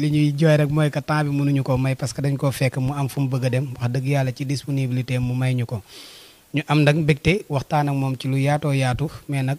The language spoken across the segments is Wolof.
li ñuy jooy rek mooy que temps bi mënuñu ko may parce que dañ koo fekk mu am fu mu bëgg a dem wax dëgg yàlla ci disponibilité mu may ñu ko ñu am nag mbégte waxtaan ak moom ci lu yaatoo yaatu mais nag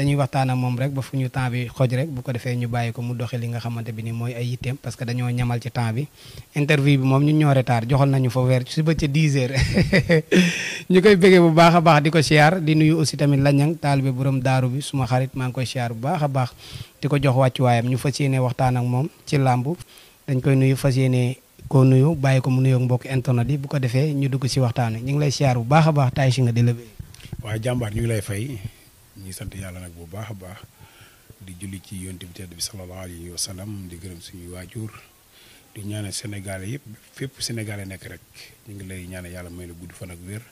dañuy waxtaan ak moom rek ba fu ñu temps bi xoj rek bu ko defee ñu bàyyi ko mu doxee li nga xamante bi ni mooy ay yitteem parce que dañoo ñamal ci temps bi interview bi moom ñun ñoo taar joxal nañu fa weer suba ca 10 heures ñu koy bëggee bu baax a baax di ko siyaar di nuyu aussi tamit lañang taalibe borom daaru bi suma maa ngi koy siyaar bu baax a baax di ko jox wàccuwaayam ñu fa yéene waxtaan ak moom ci làmb dañ koy nuyu fas yéene koo nuyu bàyyi ko mu nuyoog mbokk internet yi bu ko defee ñu dugg si waxtaan ñu ngi lay siyaar bu baax a baax taay si nga di la waaw jàmbaar ñu lay fay ñuy sant yàlla nag bu baax a baax di julli ci yonte bi tedd bi sallallahu alayhi wa sallam di gërëm suñuy waajur di ñaane Sénégalais yëpp fépp Sénégalais nekk rek ñu ngi lay ñaane yàlla may la gudd fan ak wér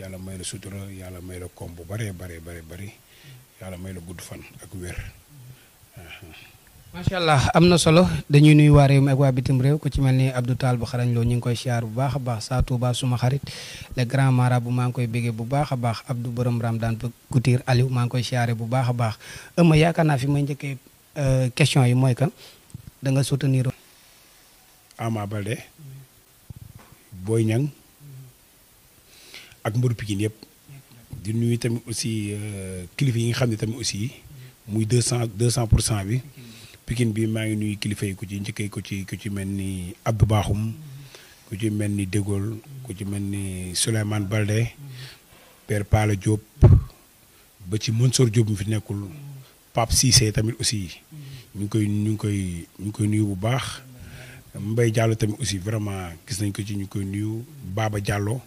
yàlla may la sutura yàlla may la koom bu baree baree bare bëri yàlla may la gudd fan ak wér. macha allah am na solo dañuy nuyu waa réew mi ak waa bitim réew ku ci mel ni Abdou Tall bu xarañ loo ñu ngi koy siyaar bu baax a baax saa Touba suma xarit le grand marabout maa ngi koy béggee bu baax a baax Abdou borom Ramdan Couture Aliou maa ngi koy siyaare bu baax a baax ëmma yaakaar naa fi may njëkkee euh, question yi mooy que da nga soutenir. Ama Balde ak mbaru Pikine yëpp di nuyu tamit aussi euh, kilifa yi nga xam ne tamit aussi muy deux cent deux cent pour cent bi. Pikine bi maa ngi nuyu kilifa yi ko ci njëkkee ko ci ku ci mel ni Abdou Bakhoum ku ci mel ni Dégol ko ci mel ni Souleymane Balde Père Pala Diop ba ci Mansour Diop mu fi nekkul Pape Cissé tamit aussi ñu ngi koy ñu ngi koy ñu nuyu bu baax mbay Diallo tamit aussi vraiment gis nañ ko ci ñu koy nuyu baaba Diallo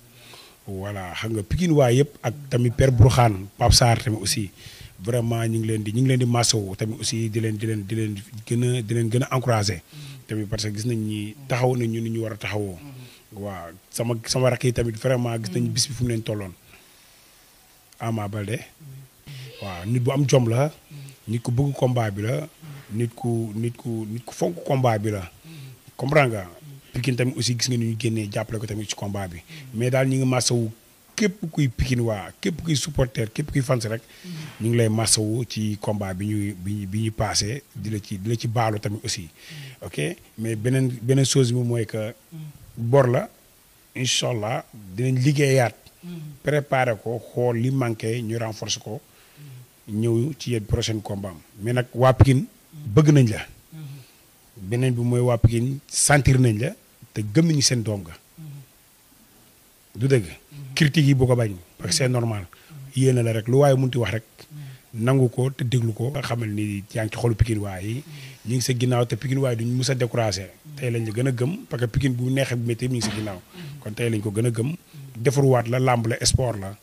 voilà xam nga Pikine waa yëpp ak tamit Père Bourkhane Pape Sarr tamit aussi. vraiment ñu ngi leen di ñu ngi leen di masawu tamit aussi di leen di leen di leen gën a di leen gën a encouragé. Mm-hmm. tamit parce que gis nañ ni mm-hmm. taxaw nañ ñu ni ñu war a taxawoo. Mm-hmm. waa sama sama tamit vraiment gis nañ bis bi fu mu leen tolloon. Ama Balde. waaw nit bu am jom la. nit ku bëgg combat bi la. nit ku nit ku nit ku fonk combat bi la. comprendre nga. Pikine tamit aussi gis nga ni ñu génnee jàppale ko tamit ci combat mais daal ñu ngi masawu. képp kuy pikin waa képp kuy supporter képp kuy fans rek mhm. ñu ngi lay masawu ci combat bi ñuy bi bi ñu passé di la ci di la ci baalu tamit aussi mhm. ok mais beneen beneen soose bi mooy que mhm. bor la incha allah dinañ liggéeyaat préparer ko xool li manqué ñu renforcer ko ñëw ci yéen prochaine combat mais nag waa pikin bëgg nañ la beneen bi mooy waa pikin sentir nañ la te gëm nañu seen doom ga du dëgg critique yi bu ko bañ parce que c'est normal yéena la rek lu waaye munti wax rek nangu ko te déglu ko nga xamal ni yaa ngi ci xolu Pikine waay yi ñu ngi sa ginnaaw te Pikine waay duñ mus a découragé tey a ñu ngi sa ginnaaw tey lañ gën a gëm defaruwaat la làmb la sport la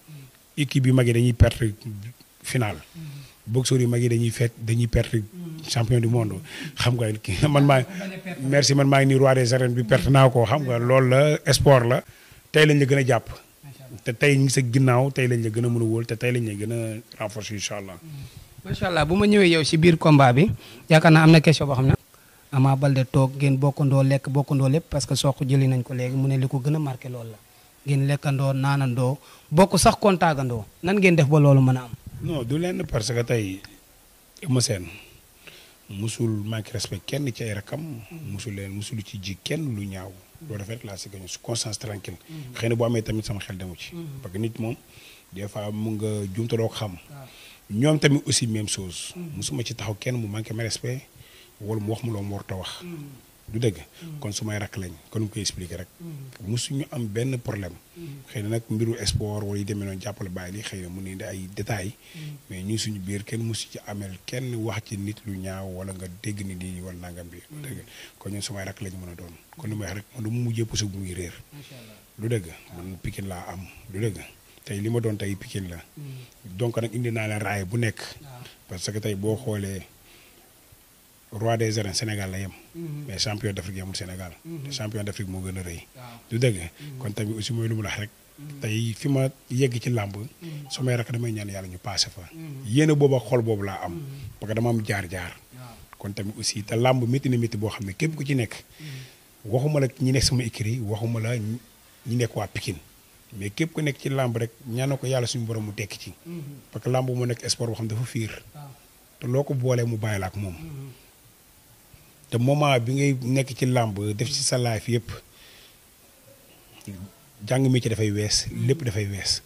équipe bi mag yi dañuy perte finale boxeur yi mag yi dañuy fet dañuy perte champion du monde xam nga merci man maa ngi ni roi des arènes bi perte naa ko xam nga loolu la sport la tey lañ la gën a jàpp. te tey ñu ngi sa ginnaaw tey lañ la gën a mën a wóol te tey lañ la gën a renforcer incha allah. Mm-hmm. macha allah bu ma ñëwee yow si biir komba bi yaakaar naa am na question boo xam ne. Ama Baldé toog ngeen bokkandoo lekk bokkandoo lépp parce que soq jëli nañ ko léegi mu ne li ko gën a marke loolu la ngeen lekkandoo naanandoo bokk sax kontaagandoo nan ngeen def ba loolu mën a am. non du leen parce que tey Eumeu musul manque respect kenn ci ay rakam. Mm-hmm. musul leen musul ci ji kenn lu ñaaw. loolu rek laa si gën su conscience tranquille xëy na boo amee tamit sama xel demu ci. Mhm. parce que nit moom des fois mun nga jumta doo ko xam. ñoom tamit aussi même chose. Mhm. musuma ci taxaw kenn mu manqué ma respect wala mu wax mu loo mu warut wax. Mhm. du dëgg kon su may rakk lañ kon mu koy expliquer rek musuñu am benn problème xëy na nag mbiru sport wala yu demee noonu jàppale bàyyi li xëy na mun ne ay détails mais ñu suñu biir kenn musu ci amel kenn wax ci nit lu ñaaw wala nga dégg ni di wala nangam bi mm. dëgg kon ñun su may rakk lañ mën a doon kon lu may wax rek man du mu mujjee puso bu muy réer lu dëgg man Pikine laa am lu dëgg tey li ma doon tey Pikine la mm. donc nag indi naa la raay bu nekk parce que tey boo xoolee roi des arènes Sénégal la yem. mais champion d' Afrique yemul Sénégal. te mhm. champion d' moo gën a rëy. du dëgg mhm. kon tamit aussi mooy lu mu lax rek. Mhm. ma yegg ci làmb. su may rak damay yàlla ñu paase fa. yéene boobu ak boobu laa am. parce que dama am jaar jaar. kon tamit aussi te lamb métti na métti boo xam ne képp ku ci nekk. waxuma la ñi nekk sama écrit waxuma la ñi nekk waa Pikine. mais képp ku nekk ci làmb rek ñaanal ko yàlla suñu borom mu tekki ci. parce que làmb moo nekk sport boo xam dafa fiir. te loo ko boolee mu bàyyi la ak moom. te moment bi ngay nekk ci làmb def ci sa life yëpp jàng mi ci dafay wees lépp dafay wees.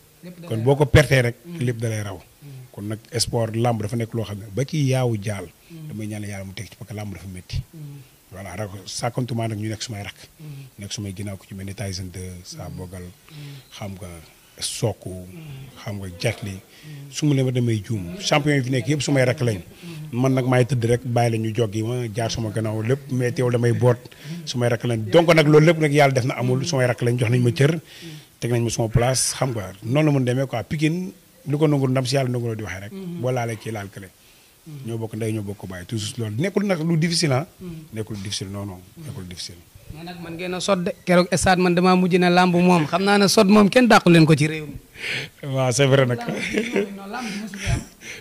kon boo ko perte rek mm. lépp dalay raw. Mm. kon nag sport làmb dafa nekk loo xam ne ba ci yaawu jaal. Mm. damay ñaan yàlla mu teg ci parce que làmb dafa métti. voilà rak sàkkantumaa nag ñu nekk sumay rak. nekk sumay ginnaaw ko ci mel ni Tyson de sa bogal xam nga. sooku xam nga jatli su ma leen damay juum champion yi fi nekk yëpp sumay rakk lañ man nag maay tëdd rek bàyyi la ñu joggi ma jaar suma gannaaw lépp mais damay boot sumay rakk lañ donc nag loolu lépp nag yàlla def na amul sumay rakk lañ jox nañ ma cër teg nañ ma suma place xam nga noonu la mun demee quoi Pikine lu ko nangu ndam si yàlla nangu di waxee rek boo laalee kii laal kële ñoo bokk ndey ñoo bokk bàyyi toujours loolu nekkul nag lu difficile ah. Mm. nekkul difficile non non nekkul difficile. nag man ngeen a sot de keroog stade man damaa mujj ne làmb moom xam naa ne sot moom kenn dàqu leen ko ci réew mi. waaw c'est vrai nag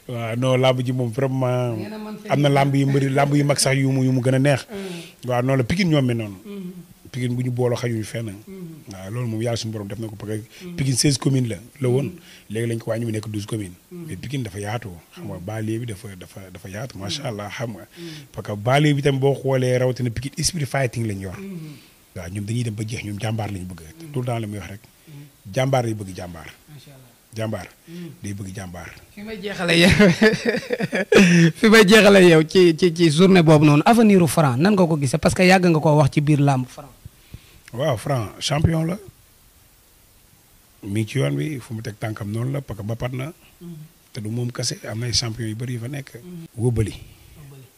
waaw non ji moom vraiment am na làmb yu mbëri làmb yu mag sax yu mu yu mu gën a neex. Mm. waaw noonu la Pikine ñoom noonu. Mm. Pikine bu ñu booloo xajuñu fenn. Mm-hmm. waaw loolu moom yàlla suñu borom def na ko parce que mm-hmm. Pikine 16 communes la la woon mm-hmm. léegi lañ ko wàññi mu nekk 12 communes. mais Pikine dafa yaatu. xam nga banlieue bi dafa dafa dafa yaatu macha allah xam nga. parce que banlieue bi tamit ñoom dañuy dem ba jeex ñoom jàmbaar lañ bëgg. tout temps la bëgg jàmbaar. jàmbaar bëgg jàmbaar. fi ma jeexale yow ci journée boobu noonu avenir u Franc nan nga ko gisee parce que yàgg nga koo wax ci biir làmb Franc. waaw Franc champion la mi ngi ci yoon bi fu mu teg tànkam noonu la parce que ba pat na mm-hmm. te du moom kase am na champion yu bëri yu fa nekk. Mm-hmm. wóbbali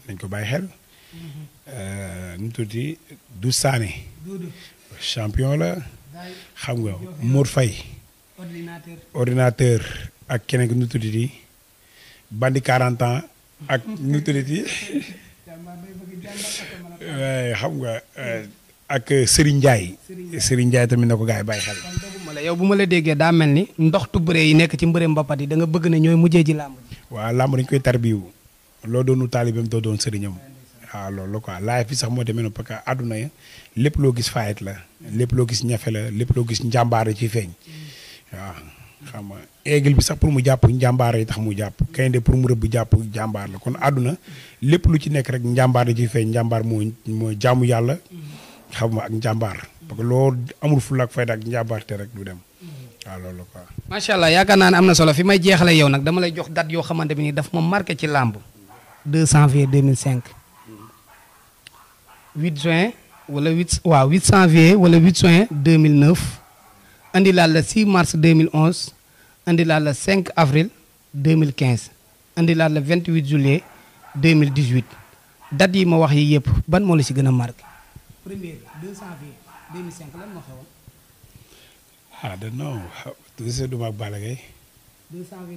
nañ ko bàyyi xel. Mm-hmm. Euh, nu mu tuddati du Sané. champion la. xam nga Mour fay ordinateur ak keneen ki nu mu tuddati bandi 40 ans ak nu di tuddati. nga. Euh, ak Serigne Ndiaye Serigne Ndiaye tamit na ko gars yi bàyyi xel. yow bu ma la déggee daa mel ni ndoxtu bëree yi nekk ci mbëree mbapat yi danga bëgg ne ñooy mujjee ji làmb ji. waaw làmb dañ koy tarbiwu loo doo doon sëriñam waaw loolu la quoi laaj sax moo demee noonu parce que àdduna lépp loo gis faayet la lépp loo gis ñafe la lépp loo gis njàmbaar ci feeñ waaw xam nga bi sax pour mu jàpp njàmbaar yi tax mu jàpp gaynde pour mu rëbb jàpp njàmbaar la kon àdduna lépp lu ci nekk rek njàmbaar yi ci feeñ njàmbaar moo moo yàlla xam ma ak njàmbaar parce que loolu amul fulaak fayda ak njàmbaar te rek du dem waaw loolu quoi. macha allah yaakaar naa ne am na solo fi may jeexalee yow nag dama lay jox date yoo xamante bi nii daf ma marqué ci làmb 2 janvier 2005 8 juin wala 8 waaw 8 janvier wala 8 juin 2009 andi laa la 6 mars 2011 andi laa la 5 avril 2015 andi laa la 28 juillet 2018 date yi ma wax yi yëpp ban moo la ci gën a marqué. premier 2 janvier 2005 lan moo xewoon. ah da non gisee du ma ak Balla Gaye. 2 janvier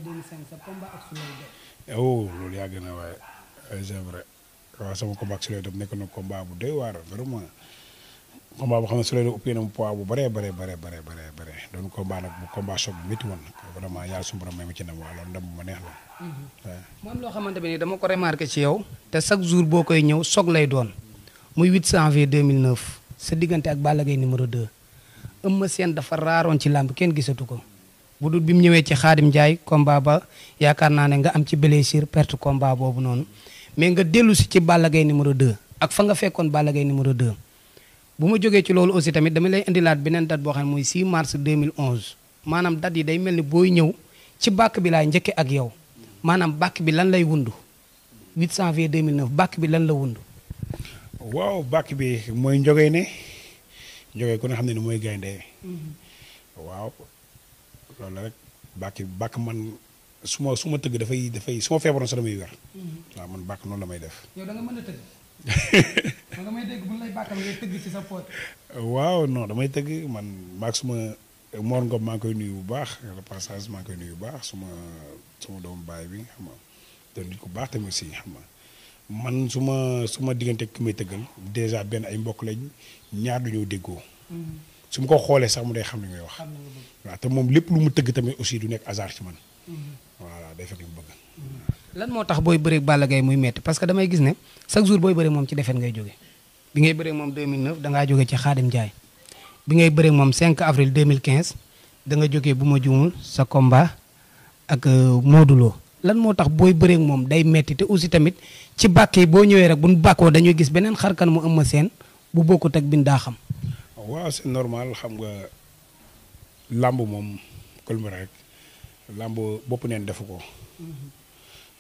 na waaye c'est sama combat ak Souley nekk na combat bu doy waar vraiment combat boo xam ne Souley Diop uppee na mu poids bu bëree bëree bëree bëree bëree bëree doon combat nag bu combat choc bu métti woon vraiment yàlla suñu borom may ma ci ndam waaw loolu ndam ma neex la. waaw. Mhm. loo xamante ne dama ko remarqué ci yow. te chaque jour boo koy ñëw choc lay doon. muy 8 janvier 2009 sa diggante ak Balla Gaye numéro 2 Eumeu Sène dafa raaroon ci làmb kenn gisatu ko bu dul bi mu ñëwee ci Xaadim Ndiaye combat ba yaakaar naa ne nga am ci blessure perte combat boobu noonu mais nga dellu si ci Balla Gaye numéro 2 ak fa nga fekkoon Balla Gaye numéro 2 bu ma jógee ci loolu aussi tamit dama lay indilaat beneen date boo xam ne mooy 6 mars 2011 maanaam date yi day mel ni booy ñëw ci bàkk bi laay njëkke ak yow maanaam bàkk bi lan lay wundu 8 janvier 2009 bàkk bi lan la wundu waaw bàkk bi mooy njogee ne njogee ku ne xam ne ni mooy gaynde mm-hmm. waaw loolu la rek bàkk bi bàkk man suma suma tëgg dafay dafay su ma feebaroon sax damay wér. Mm-hmm. waaw man bàkk noonu la may def. yow mën a tëgg. waaw non damay tëgg man maak suma Mor Ngom maa ngi nuyu bu baax le passage maa ngi koy nuyu bu baax suma suma doomu baay bi xam nga doon nit ku baax tamit aussi xam nga. man su ma su ma diggante ki may tëggal déjà benn ay mbokk lañ ñaar dañoo déggoo. Mm-hmm. su mu ko xoolee sax mu day xam li ngay wax. waaw te moom lépp lu mu tëgg tamit aussi du nekk hasard ci man. Mm-hmm. voilà day fekk lu bëgg. Mm-hmm. lan moo tax booy bëreeg Balla Gaye muy metti parce que damay gis ne chaque jour booy bëreeg moom ci defet ngay jóge bi ngay bëreeg moom 2009 da ngaa jóge ci Xaadim Ndiaye bi ngay bëreeg moom 5 avril 2015 da nga jógee bu ma juumul sa komba ak euh, Modou lan moo tax booy bëree moom day metti te aussi tamit ci bàkk yi boo ñëwee rek bu ñu bàkkoo dañuy gis beneen xarkan mu ëmma seen bu bokkut ak bin daa xam. waaw c'est normal xam nga làmb moom Kolmara rek làmb bopp neen defu ko.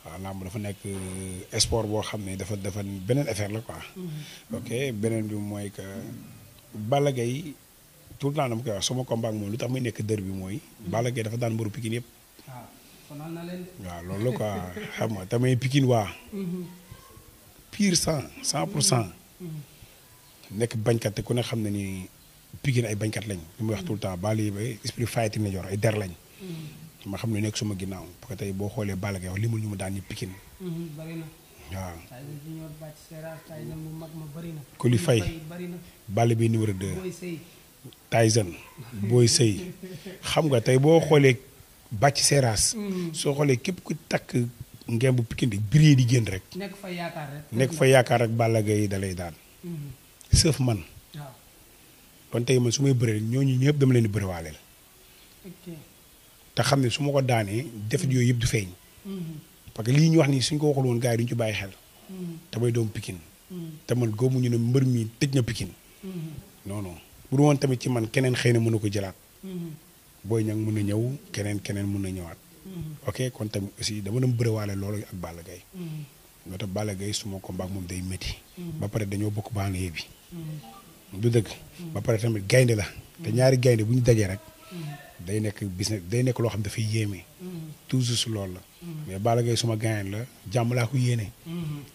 waaw làmb dafa nekk euh, sport boo xam ne dafa dafa beneen affaire la quoi. beneen bi mooy que Balla Gaye tout le temps dama koy wax sama combat ak moom lu tax muy nekk dër bi mooy. Balla Gaye dafa daan mbaru Pikine yëpp. Ah. sonal na waaw loolu la quoi xam nga tamit Pikine waa. Mhm. pire cent cent pour cent. Mhm. nekk bañkat te ku ne xam ne ni Pikine ay bañkat lañ. li muy wax tout le temps baal yi ba esprit fighting la yor lañ. Mhm. ma xam ne nekk suma ginnaaw parce que tey boo xoolee bala Gaye wax limul ñu mu daan ñu Pikine. bari na. waaw Koli Faye Balla bi numéro 2. Tyson booy Sey xam nga tey boo xoolee. bàcc seeraas. Mm. soo xoolee képp ku takk ngemb Pikine di biree di génn rek. nekk fa yaakaar rek. nekk fa yaakaar daan. Mm-hmm. sëf man. waaw kon tey man su may bëree ñooñu ñëpp dama leen di bëriwaaleel. te xam ne su ma ko daanee defet yooyu yëpp du feeñ. Mm-hmm. parce que lii ñu wax nii suñ ko waxul woon gars duñ ci bàyyi xel. Mm-hmm. te may doom Pikine. te man mu ñu ne mbër mi tëj na pikin non non bu du woon tamit ci man keneen xëy na mënu ko jëlaat. Boy Niang mun na ñëw keneen keneen mën na ñëwaat. Mm-hmm. ok kon tamit aussi dama doon bëriwaale loolu ak Balla Gaye. nga mm-hmm. tax Balla Gaye suma combat moom day métti. Mm-hmm. ba pare dañoo bokk banlieue bi. du dëgg. ba pare tamit gaynde la. te ñaari gaynde bu ñu dajee rek. day nekk business day nekk loo xam dafay yéeme. toujours lool la. mais Balla Gaye suma gaynde la jàmm laa ko yéene.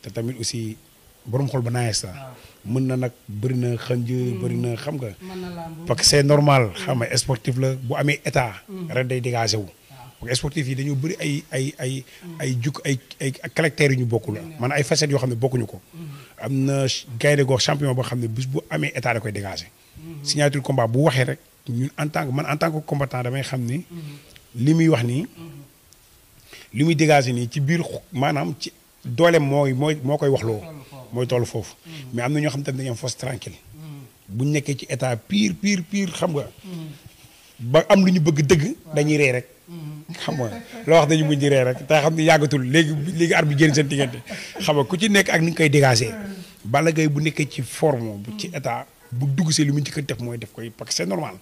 te tamit aussi. borom xol ba naaj ah. sax. mën na nag bëri na xënj hmm. bëri na xam nga. parce que c'est normal xam nga hmm. sportif la bu amee état. Hmm. ren day dégagé wu. Ah. parce que sportif yi dañoo bëri ay ay ay ay juk ay ay caractères yu ñu bokku la man ay facettes yoo xam ne bokkuñu ko. am na gaynde gox champion boo xam ne bis bu amee état da koy dégagé. signature combat bu waxee rek ñun en tant que man en tant que combattant damay xam ni. li muy wax nii. li muy dégagé nii ci biir maanaam ci dooleem mooy mooy moo koy waxloo. mooy toll foofu. mais am na ñoo xam te ne dañoo tranquille. bu nekkee ci état pire pire pire xam nga. ba am lu ñu bëgg dëgg. dañuy ree rek. xam nga loo wax dañu muñ di ree rek te xam ne yàggatul léegi léegi ar bi génn seen diggante xam nga ku ci nekk ak ni nga koy dégager. Balla bu nekkee ci forme bu ci état. bu dugg see lu mu njëkk a def mooy def koy parce c'est normal.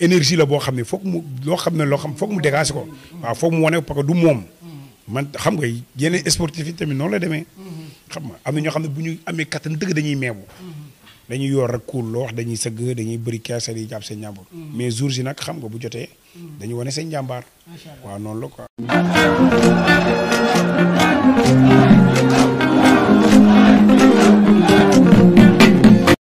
énergie la boo xam ne foog mu loo xam ne loo xam foog mu dégager ko. waaw foog mu wane parce du moom. xam nga yeneen xam nga am na ñoo xam ne bu ñu amee kattan dëgg dañuy meebu. dañuy yor rek kuul loo wax dañuy sëgg dañuy bëri kees yi jàpp seen njàmbur. Mm. mais jours yi nag xam nga bu jotee. Mm. dañuy wane seen njàmbaar. waaw noonu la quoi.